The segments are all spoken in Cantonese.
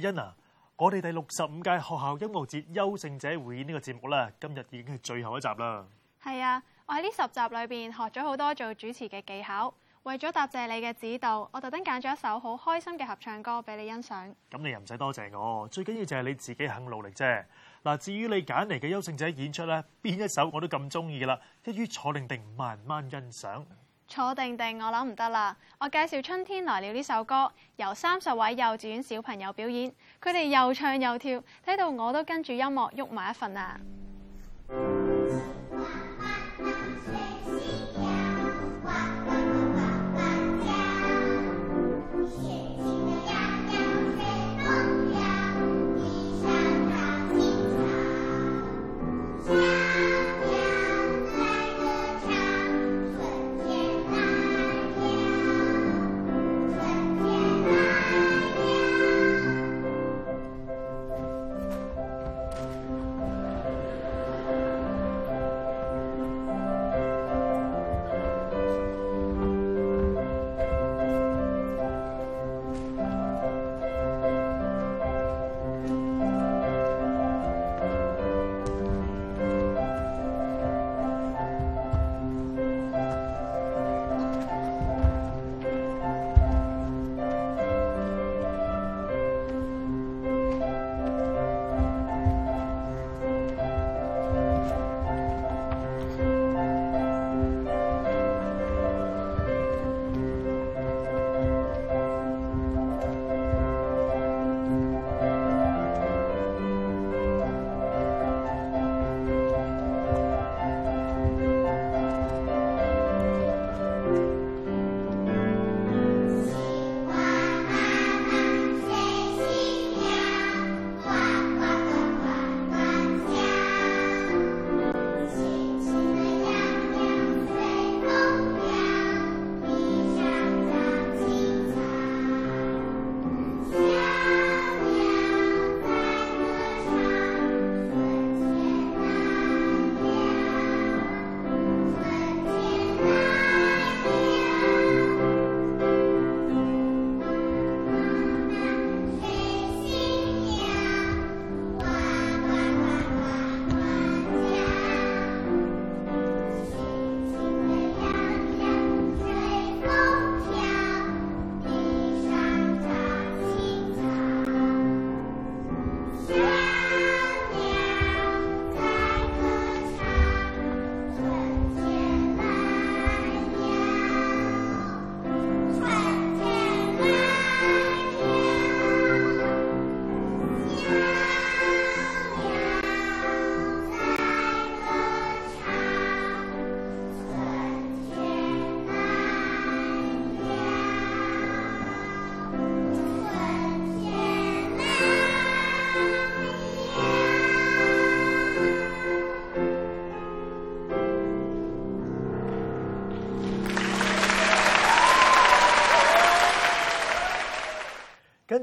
欣啊，我哋第六十五屆學校音樂節優勝者匯演呢個節目咧，今日已經係最後一集啦。係啊，我喺呢十集裏邊學咗好多做主持嘅技巧。為咗答謝你嘅指導，我特登揀咗一首好開心嘅合唱歌俾你欣賞。咁你又唔使多謝我，最緊要就係你自己肯努力啫。嗱，至於你揀嚟嘅優勝者演出咧，邊一首我都咁中意啦，一於坐定定慢慢欣賞。坐定定，我諗唔得啦。我介紹《春天來了》呢首歌，由三十位幼稚園小朋友表演，佢哋又唱又跳，睇到我都跟住音樂喐埋一份啊！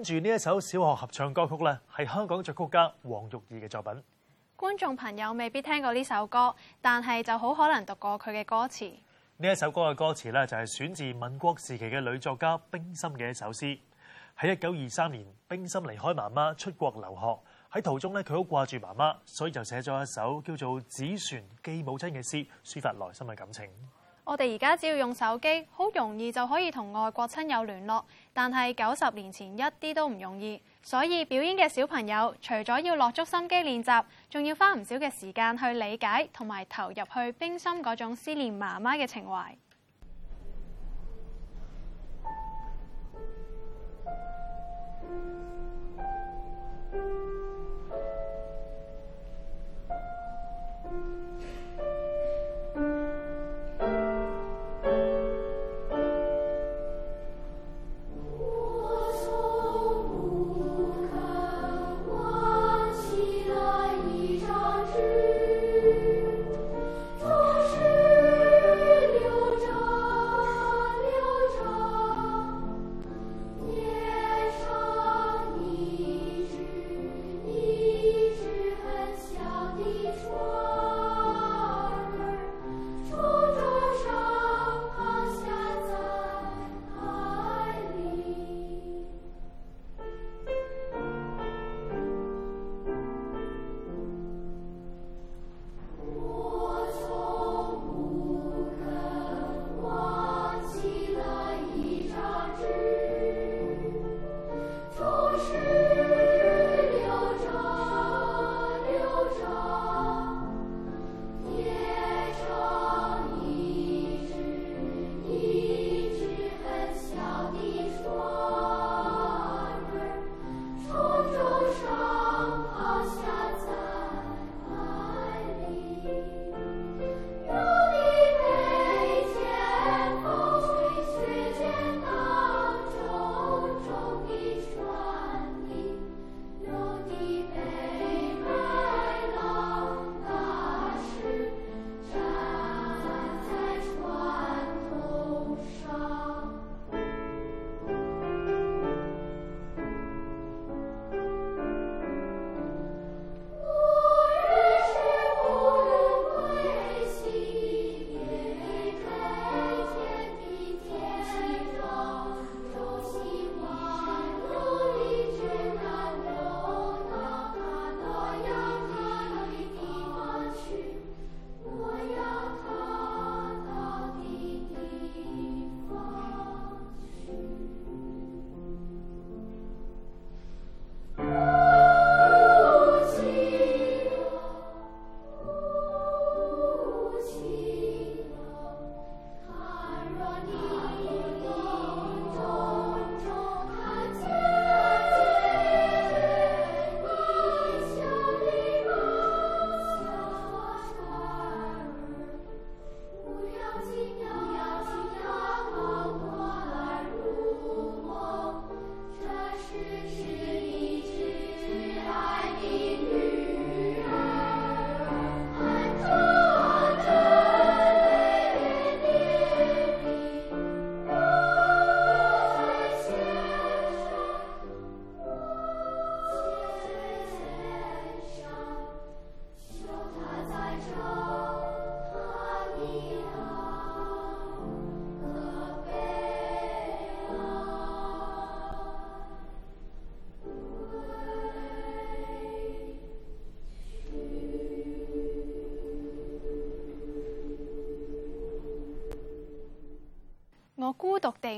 住呢一首小學合唱歌曲咧，係香港作曲家黃玉儀嘅作品。觀眾朋友未必聽過呢首歌，但係就好可能讀過佢嘅歌詞。呢一首歌嘅歌詞咧，就係、是、選自民國時期嘅女作家冰心嘅一首詩。喺一九二三年，冰心離開媽媽出國留學，喺途中咧佢好掛住媽媽，所以就寫咗一首叫做《紙船寄母親》嘅詩，抒發內心嘅感情。我哋而家只要用手機，好容易就可以同外國親友聯絡。但係九十年前一啲都唔容易，所以表演嘅小朋友除咗要落足心機練習，仲要花唔少嘅時間去理解同埋投入去冰心嗰種思念媽媽嘅情懷。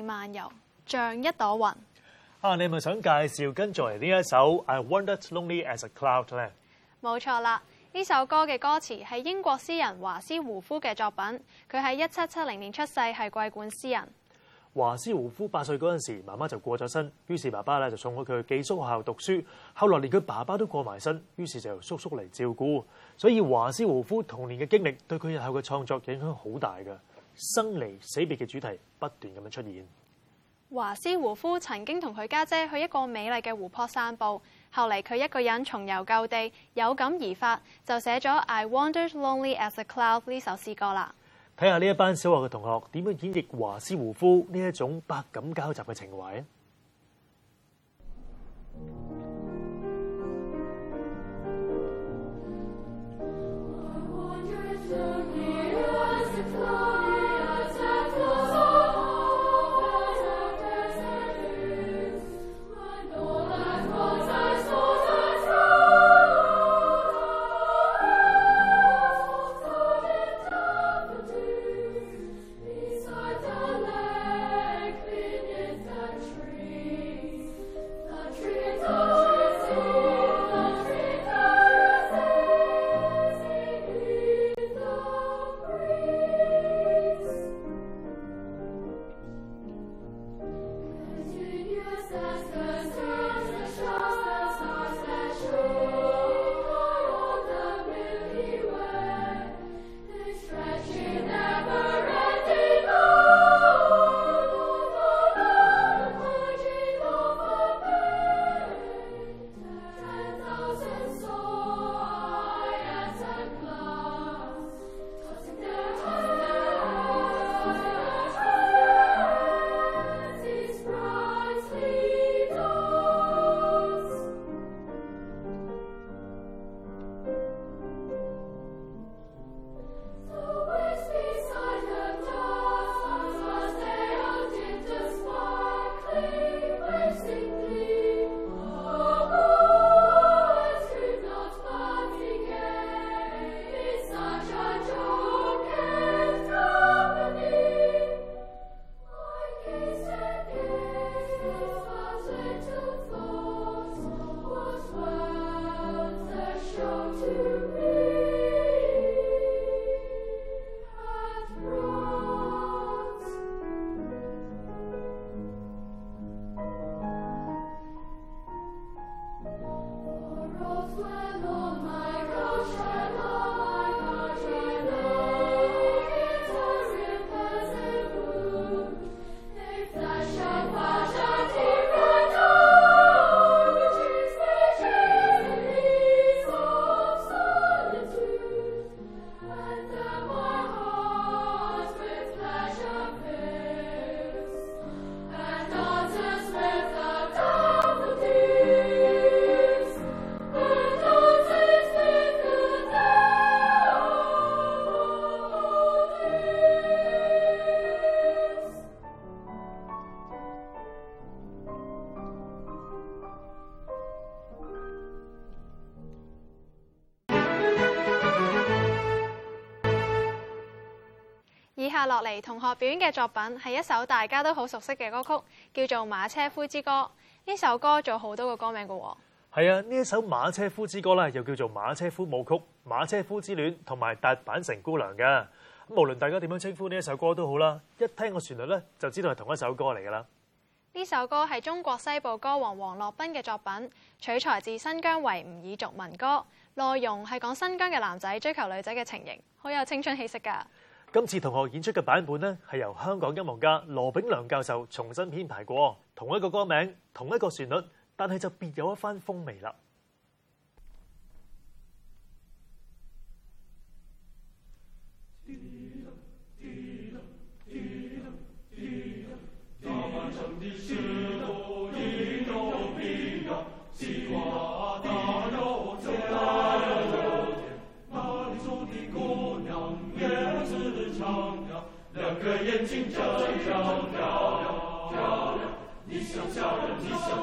漫遊像一朵雲啊！你咪想介紹跟住嚟，呢一首《I Wandered Lonely as a Cloud》咧？冇錯啦！呢首歌嘅歌詞係英國詩人華斯胡夫嘅作品。佢喺一七七零年出世，係桂冠詩人。華斯胡夫八歲嗰陣時，媽媽就過咗身，於是爸爸咧就送咗佢去寄宿學校讀書。後來連佢爸爸都過埋身，於是就由叔叔嚟照顧。所以華斯胡夫童年嘅經歷對佢日後嘅創作影響好大嘅，生離死別嘅主題不斷咁樣出現。華斯胡夫曾經同佢家姐去一個美麗嘅湖泊散步，後嚟佢一個人重遊舊地，有感而發就寫咗《I Wandered Lonely as a Cloud》呢首詩歌啦。睇下呢一班小學嘅同學點樣演繹華斯胡夫呢一種百感交集嘅情懷。以下落嚟同學表演嘅作品係一首大家都好熟悉嘅歌曲，叫做《馬車夫之歌》。呢首歌仲好多個歌名噶，係啊，呢一首《馬車夫之歌》咧，又叫做《馬車夫舞曲》、《馬車夫之戀》同埋《達坂城姑娘》噶。無論大家點樣稱呼呢一首歌都好啦，一聽個旋律咧，就知道係同一首歌嚟噶啦。呢首歌係中國西部歌王王洛賓嘅作品，取材自新疆維吾爾族民歌，內容係講新疆嘅男仔追求女仔嘅情形，好有青春氣息噶。今次同學演出嘅版本咧，係由香港音樂家羅炳良教授重新編排過，同一個歌名，同一個旋律，但係就別有一番風味啦。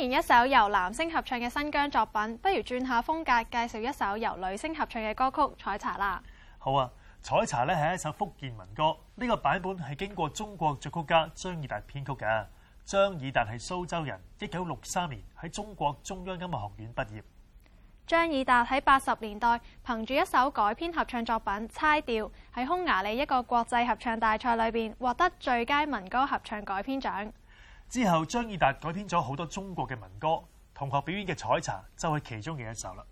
前一首由男聲合唱嘅新疆作品，不如轉下風格，介紹一首由女聲合唱嘅歌曲《採茶》啦。好啊，《採茶》咧係一首福建民歌，呢、這個版本係經過中國作曲家張以達編曲嘅。張以達係蘇州人，一九六三年喺中國中央音樂學院畢業。張以達喺八十年代憑住一首改編合唱作品《猜調》，喺匈牙利一個國際合唱大賽裏邊獲得最佳民歌合唱改編獎。之後張益達改編咗好多中國嘅民歌，同學表演嘅《採茶》就係其中嘅一首了。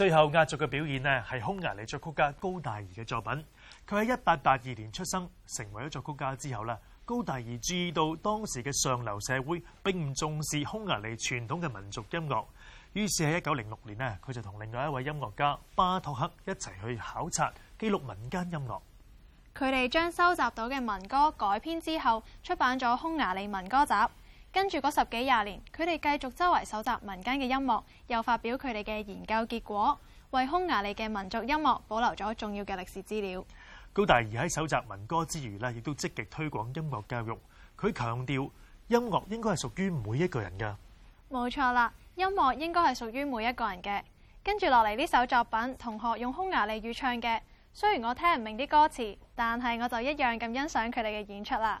最後壓軸嘅表演咧，係匈牙利作曲家高大宜嘅作品。佢喺一八八二年出生，成為咗作曲家之後咧，高大宜注意到當時嘅上流社會並唔重視匈牙利傳統嘅民族音樂，於是喺一九零六年咧，佢就同另外一位音樂家巴托克一齊去考察、記錄民間音樂。佢哋將收集到嘅民歌改編之後，出版咗《匈牙利民歌集》。跟住嗰十幾廿年，佢哋繼續周圍搜集民間嘅音樂，又發表佢哋嘅研究結果，為匈牙利嘅民族音樂保留咗重要嘅歷史資料。高大宜喺搜集民歌之餘呢，亦都積極推廣音樂教育。佢強調音樂應該係屬於每一個人㗎。冇錯啦，音樂應該係屬於每一個人嘅。跟住落嚟呢首作品，同學用匈牙利語唱嘅，雖然我聽唔明啲歌詞，但係我就一樣咁欣賞佢哋嘅演出啦。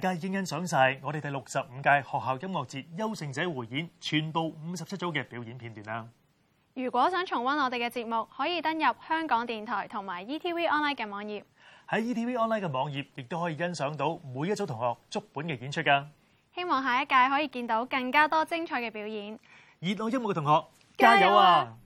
大家已經欣賞晒我哋第六十五屆學校音樂節優勝者匯演全部五十七組嘅表演片段啦。如果想重溫我哋嘅節目，可以登入香港電台同埋 ETV Online 嘅網頁。喺 ETV Online 嘅網頁，亦都可以欣賞到每一組同學足本嘅演出㗎。希望下一屆可以見到更加多精彩嘅表演。熱愛音樂嘅同學，加油啊！